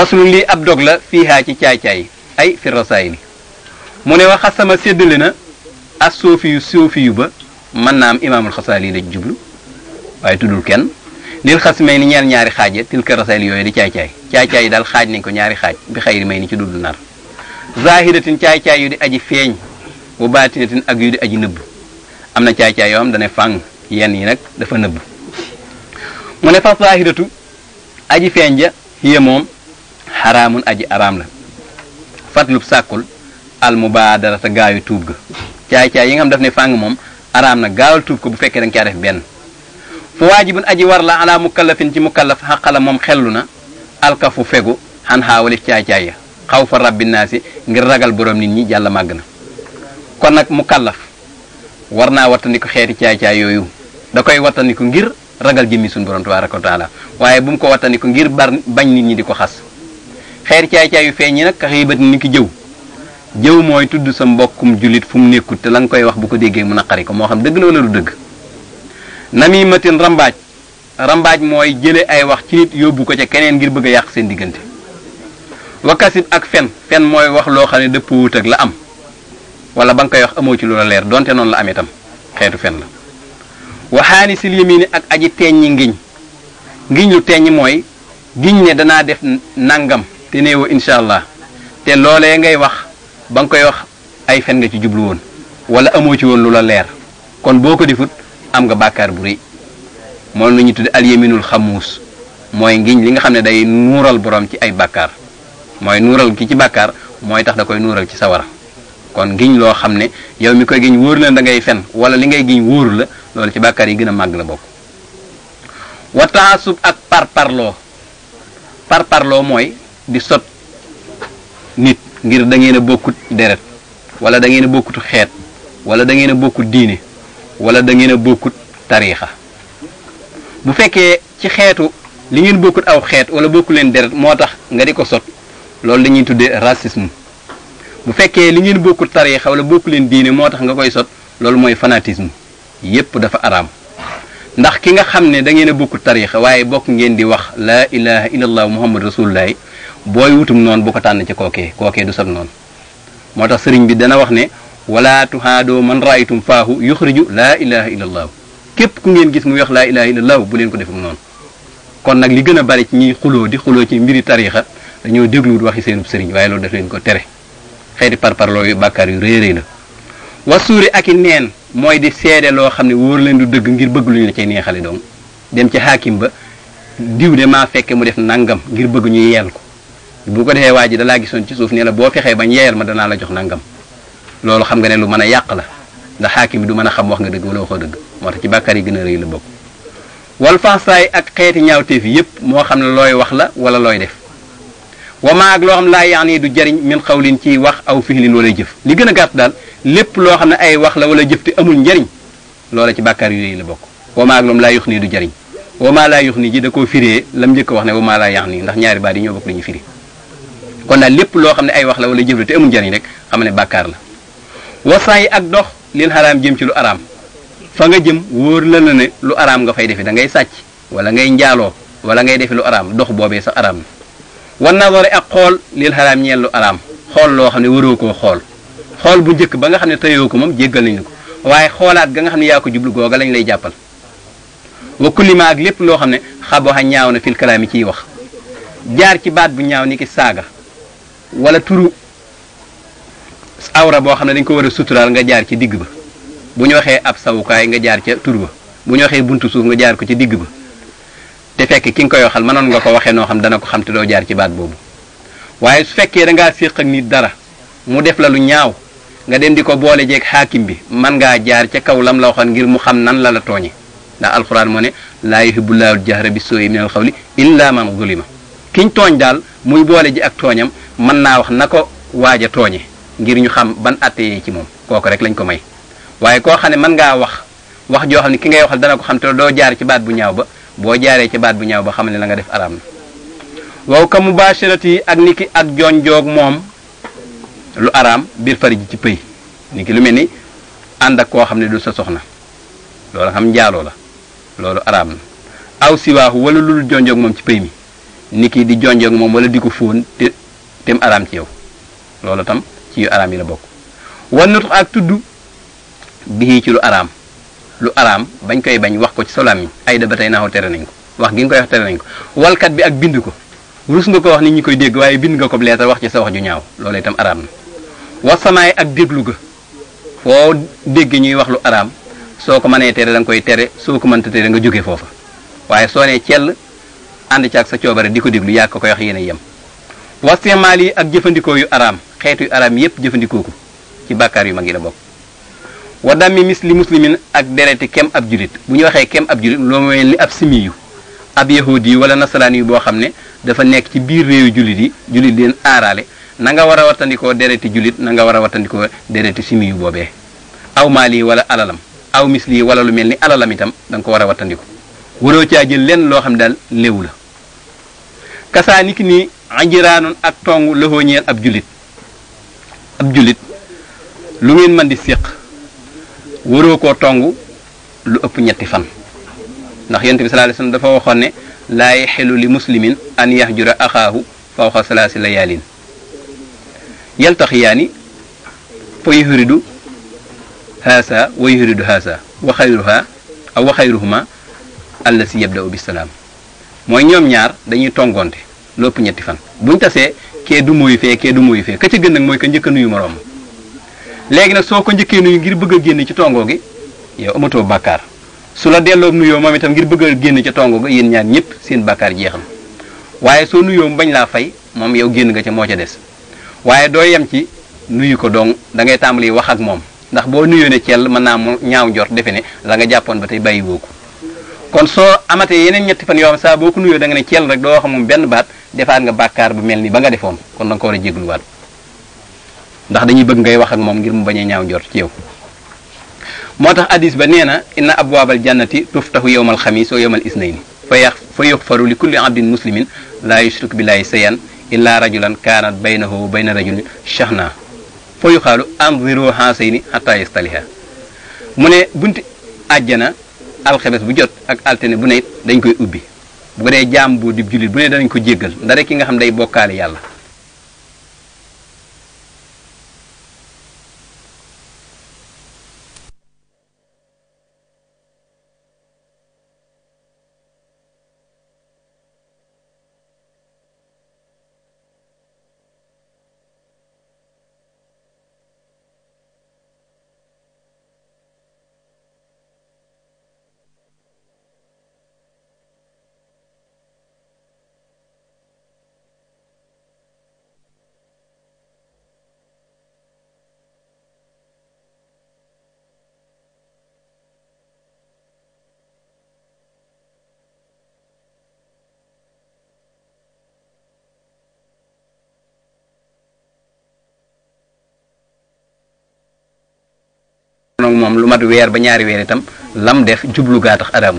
faslu lii ab dog la fiihaa ci caay-caay ay fi rasaayil mu ne waxa sama seddale na as soofi yu soofi yu ba mën naa am imaamul xasaali lii la jublu waaye tuddul kenn lil xas may ni ñeen ñaari xaaj ya tilka rasaayil yooyu di caay-caay caay yi daal xaaj nañ ko ñaari xaaj bi xayri may ni ci dudul nar zahiratin caay-caay yu di aji feeñ bu baatinatin ak yu di aji nëbb am na caay-caay yoo xam dana fàng yenn yi nag dafa nëbb mu ne fa zahiratu aji xaraamun aji araam la fatlub sàkkul almubaadarata gaayu tuub ga caay-caay yi nga xam daf ne fàng moom araam na gaawal tuub ko bu fekkee da nga caa def benn fu waajibun aji war la ala mukallafin ci mukallaf xaqala moom xellu na alkafu fegu xan xaawalif caay-caay ya xaw fa rabbi ngir ragal borom nit ñi yàlla màgg na kon nag mukallaf war naa wattandiku xeeti caay-caay yooyu da koy wattandiku ngir ragal jëmmi suñu borom tabaraka wa taala waaye bu mu ko wattandiku ngir nit ñi di ko xas xeer caay-caay yu feeñ yi nag xëyibat ni ki jëw jëw mooy tudd sa mbokkum jullit fu mu nekkut te la nga koy wax bu ko déggee mu naqari ko moo xam dëgg la wala du dëgg namimatin rambaaj rambaaj mooy jële ay wax ci nit yóbbu ko ca keneen ngir bëgg yàq seen diggante wakasib ak fen fen mooy wax loo xam ne dëpp wut ak la am wala ba nga koy wax amoo ci loola leer donte noonu la am itam xeetu fen la waxaani sil ak aji teññi ngiñ ngiñ lu teññi mooy giñ ne danaa def nangam te néewa incha allah te loolee ngay wax ba nga koy wax ay fen nga ci jublu woon wala amoo ci woon lu la leer kon boo ko defut am nga bàkkaar bu rëy moom la tudd tudde alyeminul xamuus mooy ngiñ li nga xam ne day nuural boroom ci ay bàkkaar mooy nuural ki ci bàkkaar mooy tax da koy nuural ci sawara kon giñ loo xam ne yow mi koy giñ wóor la da ngay fen wala li ngay giñ wóoru la loolu ci bàkkaar yi gën a màgg la bokk mooy di sot nit ngir dangeen bokkut deret wala da ngeen a bokkut xeet wala da ngeen a bokkut diine wala da ngeen bokkut tariixa bu fekkee ci xeetu li ngeen bokkut aw xeet wala bokku leen deret moo tax nga di ko sot loolu dañuy tuddee racisme bu fekkee li ngeen bokkut tariixa wala bokku leen diine moo tax nga koy sot loolu mooy fanatisme yépp dafa araam ndax ki nga xam ne dangeen ngeen a bokkut tariixa waaye bokk ngeen di wax laa ilaha illallah muhammad rasulullah booy wutum noonu bu ko tànn ci kookee kookee du sab noon moo tax sëriñ bi dana wax ne wala tuhaadoo man raaytum faahu yuxriju laa ilaha illa allaahu képp ku ngeen gis muy wax laa ilaha illa allaahu bu leen ko defum noon kon nag li gën a bari ci ñuy xuloo di xuloo ci mbiri tariixa dañoo dégluwut waxi seenub sëriñ waaye loolu daf leen ko tere xeeti parloo yu bàkkaar yu réeréy la wasuuri ak i neen mooy di seede loo xam ne wóor leen du dëgg ngir bëgg lu la cay neexale doom dem ci xaakim ba diw de mu def nangam ngir bëgg ñu yeel ko bu ko defee waa ji dalaa gisoon ci suuf nee la boo fexee bañ yeeyal ma danaa la jox nangam loolu xam nga ne lu mën a yàq la ndax xaakim bi du mën a xam wax nga dëgg wala waxoo dëgg moo tax ci bàkkaar yi gën a rëy la bokk wal fasaay ak xeeti ñaawteef yépp moo xam ne looy wax la wala looy def wama ak loo xam laa yaani du jariñ min xawlin ci wax aw fihlin wala jëf li gën a gàtt daal lépp loo xam ne ay wax la wala jëf te amul njariñ loola ci bàkkaar yooyu la bokk wama ak loom laa yux nii du jariñ wama laa yux nii ji da koo firee wax ne wama laa yax nii ndax ñaari baat yi ñoo bokk kon daal lépp loo xam ne ay wax la wala jëf la te amul njariñ rek xam ne bàkkaar la wasaay ak dox lil xaraam jëm ci lu araam fa nga jëm wóor la na ne lu araam nga fay defe da ngay sàcc wala ngay njaaloo wala ngay defe lu araam dox boobee sax araam na wan naa ak xool lil xaraam ñeel lu araam xool loo xam ne waroo koo xool xool bu njëkk ba nga xam ne tayoo ko moom jéggal nañu ko waaye xoolaat ga nga xam ne yaa ko jublu googa lañ lay jàppal wa kulima lépp loo xam ne xabaxa ñaaw na fil kalaami ciy wax jaar ci baat bu ñaaw ni ki saaga wala turu awra boo xam ne dañ ko war a suturaal nga jaar ci digg ba bu ñu waxee ab sawukaay nga jaar ca tur ba bu ñu waxee buntu suuf nga jaar ko ca digg ba te fekk ki nga koy waxal mënoon nga ko waxee noo xam dana ko xam te doo jaar ci baat boobu waaye su fekkee da ngaa séq ak nit dara mu def la lu ñaaw nga dem di ko boole jeeg xaakim bi mën ngaa jaar ca kaw lam la waxoon ngir mu xam nan la la tooñe ndax alxuraan moo ne laa bul al jahra bi sooyi min al xawli kiñ tooñ daal muy boole ji ak tooñam mën naa wax na ko waaja a tooñe ngir ñu xam ban atteyee ci moom kooku rek lañ ko may waaye koo xam ne mën ngaa wax wax joo xam ne ki ngay waxal dana ko xam te doo jaar ci baat bu ñaaw ba boo jaaree ci baat bu ñaaw ba xam ne la nga def araam na waaw ka mubaasharati ak niki ak jooñ joog moom lu araam biir fari ji ci pëy niki lu mel ni ànd koo xam ne du sa soxna loolu xam njaaloo la loolu araam na aw siwaahu wala lul jooñ joog moom ci pëy mi nit kii di jonjoog moom wala di ko fóon te tem araam ci yow loolu tam ci yu araam yi la bokk wan nutux ak tudd bi bii ci lu araam lu araam bañ koy bañ wax ko ci solaam yi ayda ba tey naaw tere nañ ko wax gi nga koy wax tere nañ ko walkat bi ak bind ko rus nga ko wax nit ñi koy dégg waaye bind nga ko leetar wax ci sa wax ju ñaaw loolu itam araam na wasamaay ak déglu ga foo dégg ñuy wax lu araam soo ko mënee tere da koy tere soo ko mënta tere nga jóge foofa ànd ci ak sa coobare di ko déglu yàgg ko koy wax yéen a yem wastimaal yi ak jëfandikoo yu araam xeetu yu araam yépp jëfandikoo ko ci bàkkaar yu mag yi la bokk wa dammi misli muslimin ak dereti kem ab julit bu ñu waxee kem ab julit loo mel ni ab simiyu ab yahudi wala nasaraan yu boo xam ne dafa nekk ci biir réewu julit yi julit leen aaraale na nga war a wattandikoo dereti julit na nga war a wattandikoo dereti simiyu boobee aw maali wala alalam aw misli wala lu mel ni alalam itam ko war a wattandiku waroo caa jël loo xam daal léewu la kasaa niki nii anjiraanun ak tong lëxoo ñeel ab julit ab julit lu ngeen mën di séq waroo koo tong lu ëpp ñetti fan ndax yonent bi sallallahu dafa waxoon ne laa yaxilu li muslimin an yahjura axaahu fawqa salaasi layaalin yaltaxiyaani fa yuhridu haasa wa yuhridu haasa wa xayruha aw wa xayruhuma allasi mooy ñoom ñaar dañuy tongonte lépp ñetti fan buñ tasee kee du muyu fee kee du muyu fee ka ca gën nag mooy ka njëkk a nuyu moroom léegi nag soo ko njëkkee nuyu ngir bëgg a génn ci tongoo gi yow amatoo bàkkaar su la delloo nuyoo moom itam ngir bëgg a génn ca tongo gi yéen ñaar ñëpp seen bàkkaar jeexam waaye soo nuyoo bañ laa fay moom yow génn nga ca moo ca des waaye doo yem ci nuyu ko dong da ngay tàmbali wax ak moom ndax boo nuyoo ne cell mën naa mu ñaaw njort defe ne la nga jàppoon ba tey bàyyi woo ko kon soo amatee yeneen ñetti fan yoo xam saa boo ko nuyoo da nga ne ceel rek doo wax moom benn baat defaat nga bàkkaar bu mel ni ba nga defoon kon da nga ko war a jégluwaat ndax dañuy bëgg ngay wax ak moom ngir mu bañ ñaaw njort ci yow moo tax hadis ba nee na inna abwaabal jannati tuftahu yowmal xamis wa yowmal isnayni fa yax fa yuxfaru li kulli abdin muslimin laa yushrik billahi sayan illa rajulan kaanat baynahu wa bayna rajulin shahna fa yuxaalu anziru haasayni hatta yastaliha mu ne bunti àjjana alxames bu jot ak altine bu ne dañ koy ubbi bu dee jaam bu di jullit bu ne danañ ko jéggal ndare ki nga xam day bokkaale yàlla ak moom lu mat weer ba ñaari weer itam lam def jublu gaa tax adaamu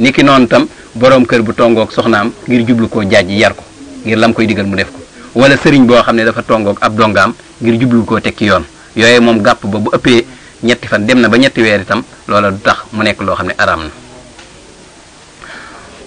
ni ki noonu tam boroom kër bu tongook soxnaam ngir jublu koo jaaj yar ko ngir lam koy digal mu def ko wala sëriñ boo xam ne dafa tongook ab dongaam ngir jublu koo tekki yoon yooyu moom gàpp ba bu ëppee ñetti fan dem na ba ñetti weer itam loola du tax mu nekk loo xam ne araam na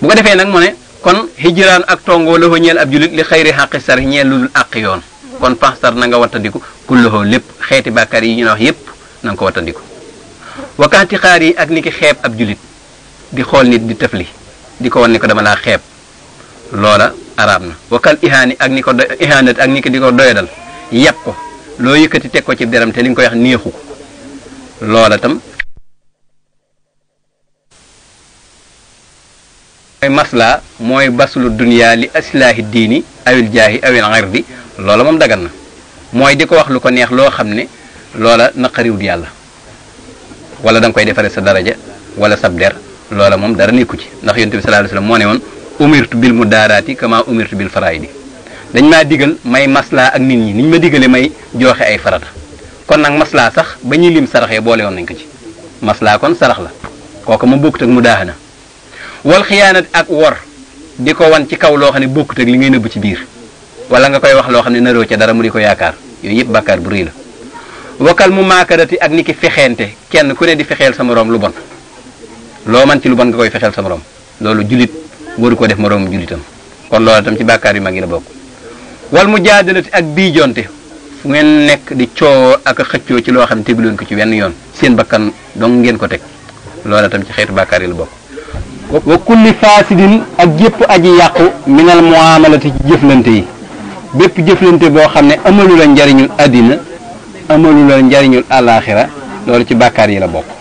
bu ko defee nag mu ne kon hijraan ak tongoo loxo ñeel ab julit li xëyri xàqi sar ñeel lu dul àq yoon kon paxsar na nga wattandiku ku loxoo lépp yi ñu ne na nga ko wattandiku wakkaati xaar yi ak ni ki xeeb ab julit di xool nit di tëfli di ko wan ni ko dama laa xeeb loola araab na wakkal ihaani ak ni ak ni ko di ko doyadal yàpp ko loo yëkkati teg ko ci deram te li nga koy wax néexu ko loola tam mooy masla mooy baslu dunia li aslaahi diini awil jaahi awil ardi loola moom dagan na mooy di ko wax lu ko neex loo xam ne loola naqariwut yàlla walla da koy defaree sa daraja wala sab der loola moom dara nekku ci ndax yonent bi sallallahu alayhi wasallam moo ne woon umirtu bil mudaaraati kama umirtu bil bi dañ maa digal may maslaa ak nit ñi niñ ma digalee may joxe ay farata kon nag maslaa sax ba ñuy lim saraxee boole woon nañ ko ci maslaa kon sarax la kooku ma bokkut ak mu daaxana wal xiyaanat ak wor di ko wan ci kaw loo xam ne bokkut ak li ngay nëbb ci biir wala nga koy wax loo xam ne naroo ca dara mu ko yaakaar yooyu yëpp bàkkaar bu rëy la wakal mu maakarati ak niki ki kenn ku ne di fexeel sa moroom lu bon loo man ci lu bon nga koy fexeel sa moroom loolu julit waru ko def moroomu julitam kon loolu tam ci bàkkaar yu mag yi la bokk wal mu jaadalati ak bii jonte fu ngeen nekk di coowoo ak xëccoo ci loo xam ne teguloon ko ci wenn yoon seen bakkan dong ngeen ko teg loola tam ci xeetu bàkkaar yi la wa kulli faasidin ak jëpp aji yàqu minal muamalati ci jëflante yi bépp jëflante boo xam ne amalu la njariñu àddina amalu la njariñul àllaaxira loolu ci bàkkaar yi la bokk